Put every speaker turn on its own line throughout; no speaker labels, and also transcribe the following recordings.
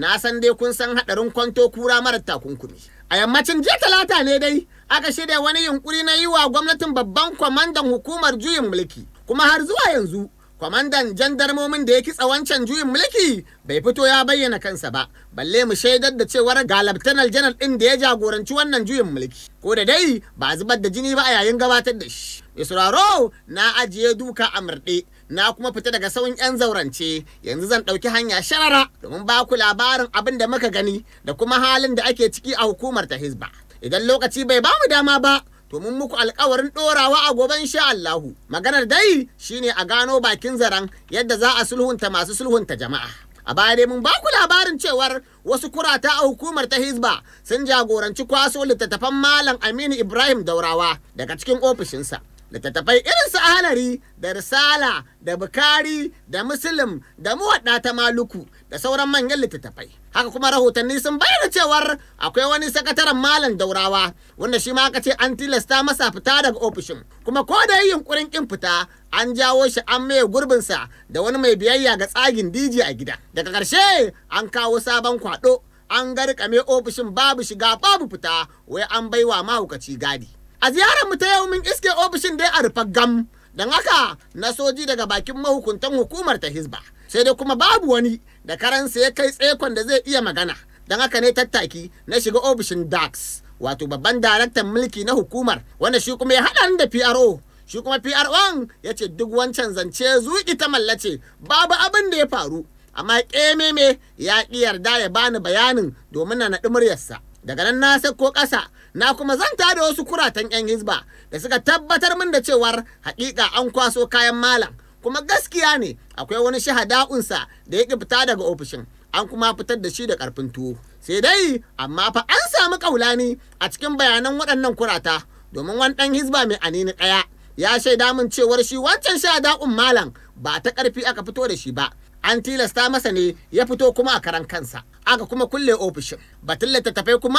na san dai kun san haɗarin kwanto kura mara takunkumi. A yammacin jiya talata ne dai aka shirya wani yunkuri na yi wa gwamnatin babban kwamandan hukumar juyin mulki kuma har zuwa yanzu kwamandan jandarmomin da ya kitsa wancan juyin mulki bai fito ya bayyana kansa ba balle mu shaidar da cewar Galabtanal laftanar janar ɗin da ya jagoranci wannan juyin mulki ko da dai ba zubar da jini ba a yayin gabatar da shi mai na ajiye duka a murɗe na kuma fita daga sauyin 'yan zaurance yanzu zan ɗauki hanya sharara domin ba ku labarin abin da muka gani da kuma halin da ake ciki a hukumar ta hizba idan lokaci bai ba mu dama ba to mun muku alkawarin ɗorawa a gobe insha Allahu maganar dai shine a gano bakin zaren yadda za a sulhunta masu sulhunta jama'a a baya dai mun ba ku labarin cewar wasu kurata a hukumar ta hizba sun jagoranci kwaso littattafan malam aminu ibrahim daurawa daga cikin ofishinsa littattafai irin su ahalari da risala da bukari da muslim da muwaɗa ta maluku da sauran manyan littattafai haka kuma rahotanni sun bayyana cewar akwai wani sakataren malam daurawa wanda shi ma aka ce an tilasta masa fita daga ofishin kuma ko da yunkurin kin fita an jawo shi an maye gurbinsa da wani mai biyayya ga tsagin diji a gida daga ƙarshe an kawo sabon kwaɗo an garkame ofishin babu shiga babu fita wai an baiwa mahaukaci gadi a ziyarar mu ta yau mun iske ofishin dai a rufe gam don haka na soji daga bakin mahukuntan hukumar ta Hisba. sai dai kuma babu wani da karansa ya kai tsekon da zai iya magana don haka ne tattaki na shiga ofishin dax wato babban daraktan mulki na hukumar wanda shi kuma ya haɗa da pro shi kuma pro ya ce duk wancan zance zuki ta mallace babu abin da ya faru amma ƙememe ya ƙi yarda ya bani bayanin domin na naɗi muryarsa daga nan na sako ƙasa na kuma zanta da wasu kuratan 'yan hizba da suka tabbatar min da cewar haƙiƙa an kwaso kayan malam kuma gaskiya ne akwai wani shahada'unsa da ya ƙi fita daga ofishin an kuma fitar da shi da ƙarfin tuwo sai dai amma fa an samu ƙaulani a cikin bayanan waɗannan kurata domin wani ɗan hizba mai anini ɗaya ya shaida min cewar shi wancan shahada'un malam ba ta ƙarfi aka fito da shi ba an tilasta masa ne ya fito kuma a karan kansa aka kuma kulle ofishin batun littattafai kuma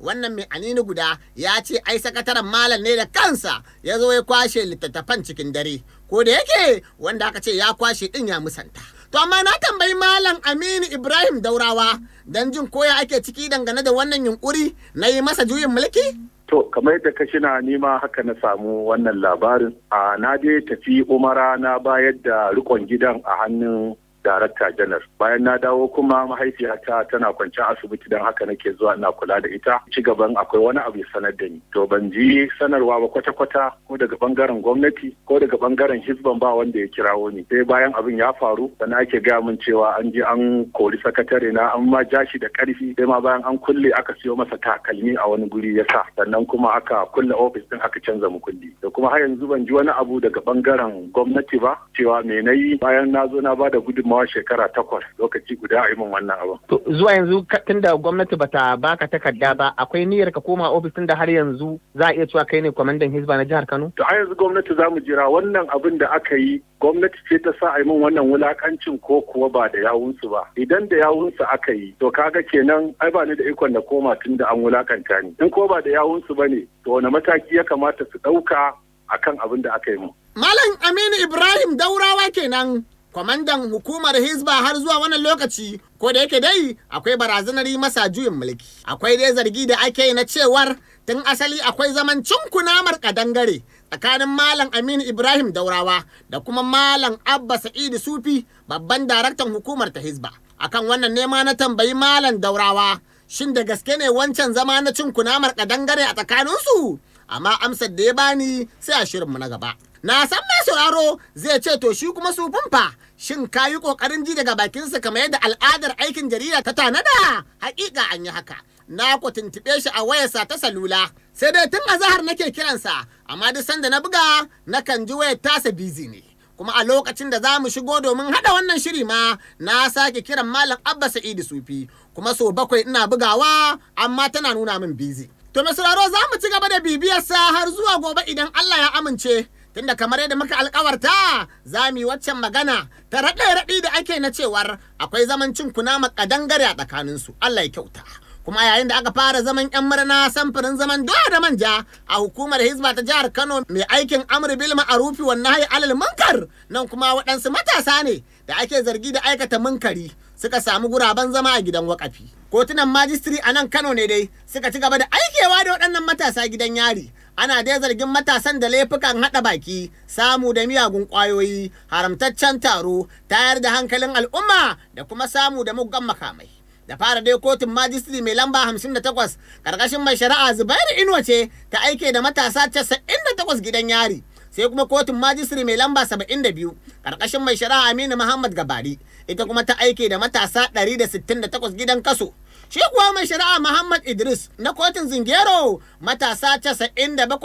wannan mai anini guda ya ce ai sakataren malam ne da kansa ya zo ya kwashe littattafan cikin dare ko da yake wanda aka ce ya kwashe din ya musanta to amma na tambayi malam aminu ibrahim daurawa don jin koya ake ciki dangane da wannan yunkuri na yi masa juyin mulki
To, kamar yadda ka shina nima haka na samu wannan labarin. A na je tafi Umara na bayar da rikon gidan a hannun darakta janar bayan na dawo kuma mahaifiyata tana kwanciyar asibiti don haka nake zuwa na kula da ita ci gaban akwai wani abu sanar da ni to ban ji sanarwa ba kwata-kwata ko daga bangaren gwamnati ko daga bangaren hizban ba wanda ya kirawo ni sai bayan abin ya faru sana ke gaya min cewa an ji an kori sakatare na an ma ja da karfi sai ma bayan an kulle aka siyo masa takalmi a wani guri ya sa sannan kuma aka kulle ofis din aka canza mukulli da kuma har yanzu ban ji wani abu daga bangaren gwamnati ba cewa me yi. bayan na zo na bada da kuma shekara takwas lokaci guda a yi wannan abin.
zuwa yanzu tun da gwamnati bata baka takarda ba akwai niyyar ka koma ofis da har yanzu za a iya cewa kai ne kwamandan hisba na jihar kano.
to a yanzu gwamnati za mu jira wannan abin da aka yi gwamnati ce ta sa a yi min wannan wulakancin ko kuwa ba da yawunsu ba idan da yawunsu aka yi to kaga kenan ai ba ni da ikon na koma tun da an wulakanta ni in ko ba da yawunsu ba ne to wani mataki ya kamata su ɗauka akan abin da aka yi mu.
Malam Aminu Ibrahim Daurawa kenan kwamandan hukumar Hizba har zuwa wannan lokaci ko da yake dai akwai barazanar yi masa juyin mulki. Akwai dai zargi da ake yi na cewar tun asali akwai zaman kunamar kadangare tsakanin Malam Aminu Ibrahim Daurawa da kuma Malam Abba Sa'idu Sufi babban daraktan hukumar ta Hizba. Akan wannan nema na tambayi Malam Daurawa shin da gaske ne wancan zama na kunamar kadangare a tsakaninsu? amma amsar da ya bani sai a shirinmu na gaba. Na san mai sauraro zai ce to shi kuma su fumfa shin ka yi ƙoƙarin ji daga bakin bakinsa kamar yadda al'adar aikin jarida ta tanada haƙiƙa an yi haka. Na ku tuntuɓe shi a wayarsa ta salula sai dai tun azahar nake kiransa amma duk sanda na buga nakan ji wayar tasa bizi ne. kuma a lokacin da za mu shigo domin haɗa wannan shiri ma na sake kiran malam abba sa'idu sufi kuma so bakwai ina bugawa amma tana nuna min bizi To mai za mu ci gaba da bibiyarsa har zuwa gobe idan Allah ya amince. Tunda kamar yadda muka alkawarta za mu yi waccan magana ta raɗe-raɗi da ake na cewar akwai zaman cin kunama ƙadangare a tsakaninsu. Allah ya kyauta. kuma yayin da aka fara zaman yan murna samfurin zaman doya da manja a hukumar hizba ta jihar kano mai aikin amur bil ma'arufi wan nahyi alal munkar nan kuma waɗansu matasa ne da ake zargi da aikata munkari suka samu guraben zama a gidan wakafi kotunan majistri a nan kano ne dai suka ci gaba da aikewa da waɗannan matasa gidan yari ana dai zargin matasan da laifukan haɗa baki samu da miyagun ƙwayoyi haramtaccen taro tayar da hankalin al'umma da kuma samu da muggan makamai da fara dai kotun majistri mai lamba 58 karkashin mai shari'a zubairu inuwa ce ta aike da matasa 98 gidan yari sai kuma kotun majistri mai lamba 72 karkashin mai shari'a aminu muhammad gabari ita kuma ta aike da matasa 168 gidan kaso shi kuwa mai shari'a Muhammad Idris na kotun Zingero matasa 97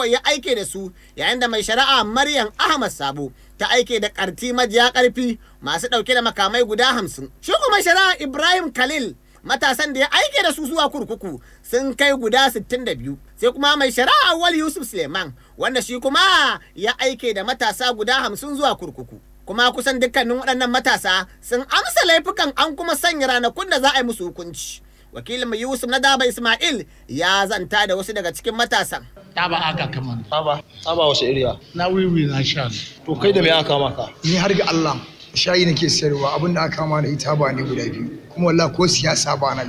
ya aike da su yayin da mai shari'a Maryam Ahmad Sabo ta aike da karti majiya karfi masu dauke da makamai guda hamsin. Shi kuma shari'a Ibrahim Khalil matasan da ya aike da su zuwa kurkuku sun kai guda 62 sai kuma mai shari'a wal Yusuf Suleiman wanda shi kuma ya aike da matasa guda 50 zuwa kurkuku kuma kusan dukkanin waɗannan matasa sun amsa laifukan an kuma sanya ranakun da za a yi musu hukunci wakilin Yusuf na Daba Ismail ya zanta da wasu daga cikin matasan taba aka kama
taba taba wasu iriya na wiwi na sha to kai da me aka kama
ni har ga Allah shayi nake sayarwa abin da aka kama da ita ba ne guda biyu kuma wallahi ko siyasa ba na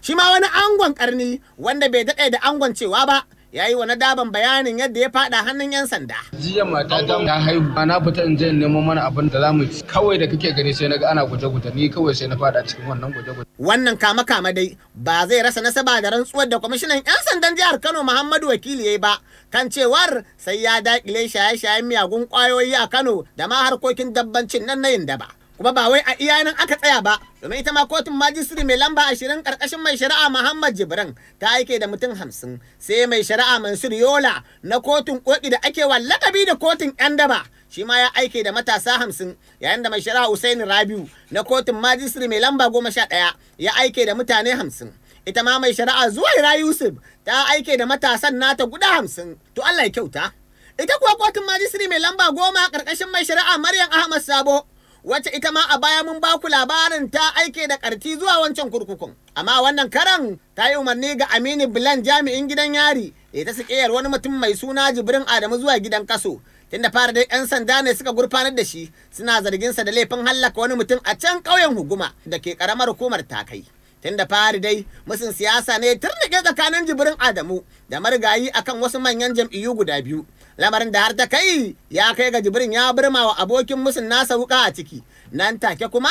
shi wani angon karni wanda bai daɗe da angon cewa ba ya yi wa daban bayanin yadda ya fada hannun 'yan sanda.
Jiya mata ta ta haihu na fita in je neman mana abin
da zamu ci kawai da kake gani sai naga ana guje-guje ni kawai sai na fada cikin wannan guje-guje. Wannan kama-kama dai ba zai rasa nasaba da rantsuwar da kwamishinan 'yan sandan jihar Kano Muhammadu Wakili yayi ba kan cewar sai ya dakile shaye-shayen miyagun kwayoyi a Kano da ma harkokin dabbancin nan na yin daba. kuma ba wai a iya aka tsaya ba domin ita ma kotun majistri mai lamba ashirin karkashin mai shari'a muhammad jibran ta aike da mutum hamsin sai mai shari'a mansur yola na kotun koki da ake wa lakabi da kotun yan daba shi ma ya aike da matasa hamsin yayin da mai shari'a Usaini rabiu na kotun majistri mai lamba goma sha ɗaya ya aike da mutane hamsin ita ma mai shari'a zuwaira yusuf ta aike da matasan nata guda hamsin to allah ya kyauta ita kuwa kotun majistri mai lamba goma karkashin mai shari'a maryam ahmad sabo wacce ita ma a baya mun ba ku labarin ta aike da karti zuwa wancan kurkukun. Amma wannan karan ta yi umarni ga amini Bilan jami'in gidan yari da ta sikiyar wani mutum mai suna Jibrin Adamu zuwa gidan kaso. Tunda fara dai 'yan sanda ne suka gurfanar da shi suna zarginsa da laifin hallaka wani mutum a can ƙauyen Huguma da ke ƙaramar hukumar takai. Tunda fara dai musun siyasa ne turnike tsakanin Jibrin Adamu da marigayi akan wasu manyan jam'iyyu guda biyu. lamarin da har ta kai ya kai ga jibrin ya birma wa abokin musun nasa wuka a ciki nan take kuma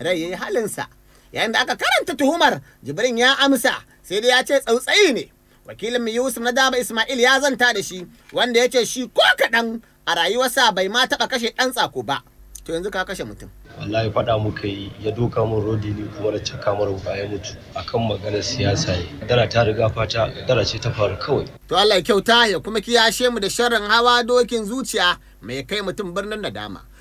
rai ya yi halinsa yayin da aka karanta tuhumar jibrin ya amsa sai dai ya ce tsautsayi ne wakilin yusuf na daba ismail ya zanta da shi wanda ya ce shi ko kaɗan a rayuwarsa bai ma taɓa kashe ɗan tsako ba
to yanzu ka kashe mutum wallahi faɗa muka yi ya doka mun rodi ni kuma da caka mara ya mutu akan maganar siyasa ne dara ta riga fata dara ce ta faru kawai
to Allah kyauta ya kuma kiyashe mu da sharrin hawa dokin zuciya mai kai mutum birnin nadama